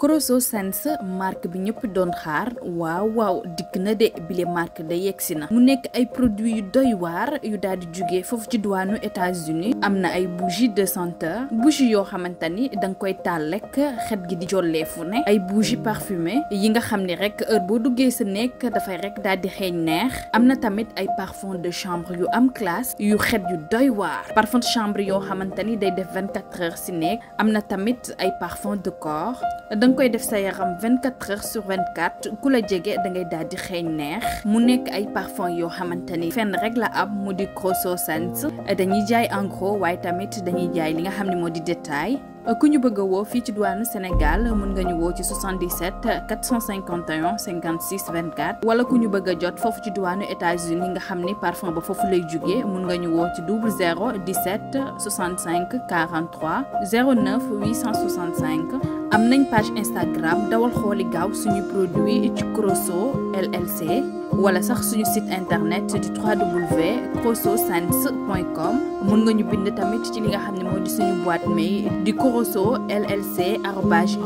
Kroso Sens marque bi ñëpp doon xaar waaw waaw dikk na de bi bile marque de yegsi na mu nekk ay produits yu doy waar yu daal di jugee foofu ci douane États-Unis am na ay bougie de senteur bougie yoo xamante ni da koy taal rek xet gi di jolleefu ne ay bougie parfumée yi nga xam ne rek heure boo duggee sa nekk dafay rek daal di xeeñ neex am na tamit ay parfum de chambre yu am classe yu xet yu doy waar parfum de chambre yoo xamante ni day def 24 heures si nekk am na tamit ay parfum de corps dang koy def 24 heures sur 24 djegge da ngay di neex mu ay parfum yo xamanteni fenn rek la am Sens dañuy en gros way tamit dañuy jaay li nga bëgg Sénégal mën nga ñu wo ci 77 451 56 24 wala kuñu bëgg jot fofu ci États-Unis nga parfum ba lay mën nga ñu ci 00 17 65 43 09 865 am page Instagram dawal xoli gaaw suñu produit ci Crosso LLC wala sax suñu site internet ci www.crossosense.com mën nga ñu bind tamit ci li nga xam ne moo di suñu boîte mail di Crosso LLC arobase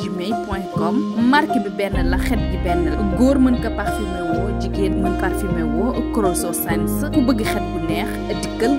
marque bi ben la xet gi ben goor mën ko parfumé wo jigéen mën parfumé wo Crosso Sense ku bëgg xet bu neex dikkal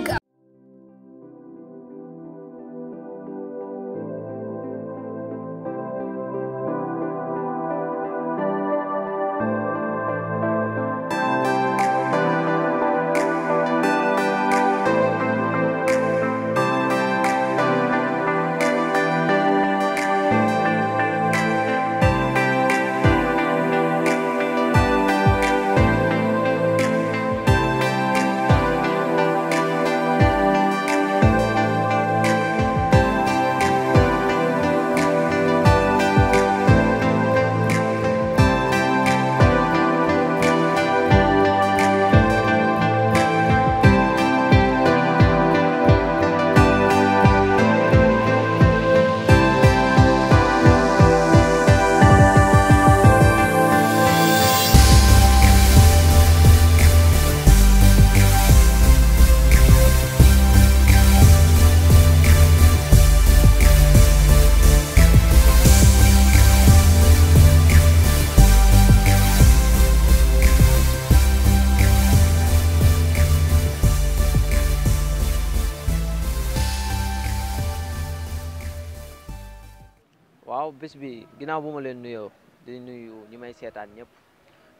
waaw bés bi ginnaaw bu ma leen nuyoo di nuyu ñi may seetaan ñëpp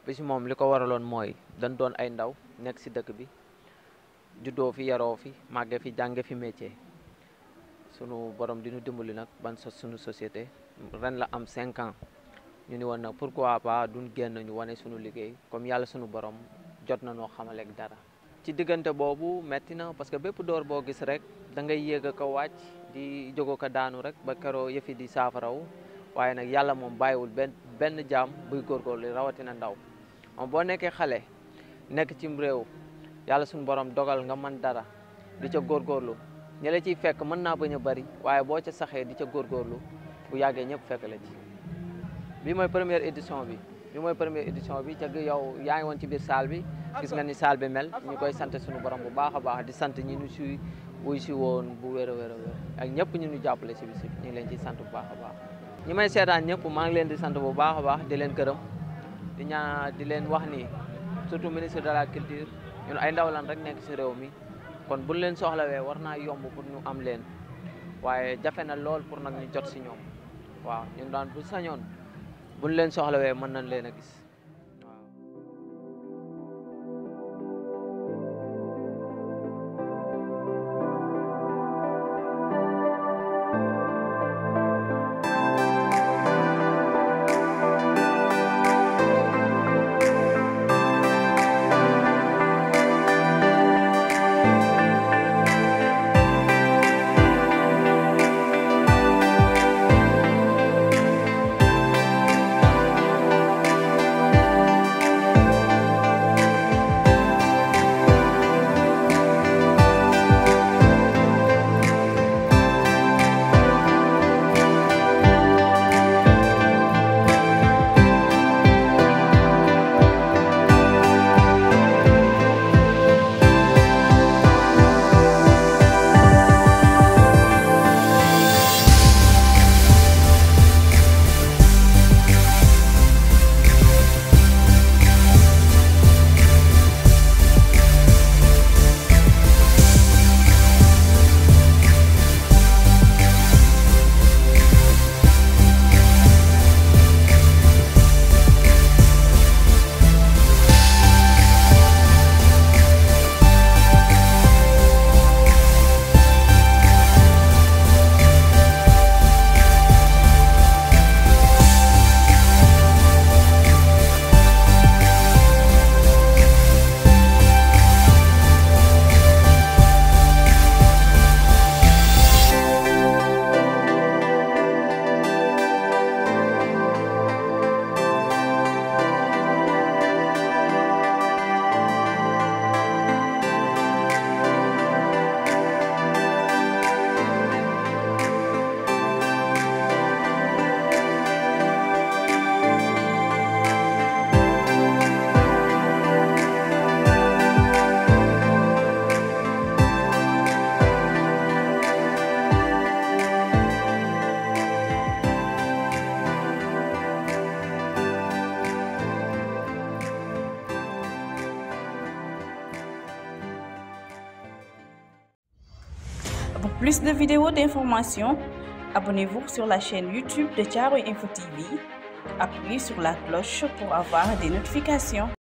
bés moom li ko waraloon mooy dañ doon ay ndaw nekk si dëkk bi juddoo fi yaroo fi màgge fi jànge fi métier sunu borom dinu ñu dimbali nag ban sos sunu société ren la am cinq ans ñu ni woon nag pourquoi pas duñ génn ñu wane sunu liggéey comme yàlla sunu borom jot na noo xamaleeg dara ci diggante boobu metti parce que bépp door boo gis rek dangay ngay yéeg a ko wàcc di jógo ko daanu rek ba keroo yëfi di saafaraw waaye nag yàlla moom bàyyiwul benn benn jaam buy góor góorgóorlu rawatina ndaw moom boo nekkee xale nekk cim réew yàlla suñ borom dogal nga mën dara di ca góorgóorlu ña la ciy fekk mën naa bañ a bari waaye boo ca saxee di ca góor góorlu bu yàggee ñëpp fekk la ci bi mooy première édition bi bi mooy première édition bi ca yow yaa ngi woon ci biir saal bi gis nga ni saal bi mel ñu koy sant suñu borom bu baax a baax di sante ñi nu si wuy si woon bu wér a wér a wér ak ñëpp ñu ñu jàppale si bis leen ciy sant bu baax a ñi may seetaan ñëpp maa ngi leen di sant bu baax baax di leen gërëm di ñaan di leen wax ni surtout ministre de la culture ñun ay ndaw lan rek nekk si réew mi kon buñ leen soxlawee war naa yomb pour ñu am leen waaye jafe na lool pour nag ñu jot si ñoom waaw ñun daan bu sañoon buñ leen soxlawee mën nañ leen a gis Pour plus de vidéos d'informations, abonnez-vous sur la chaîne YouTube de Charo Info TV. Appuyez sur la cloche pour avoir des notifications.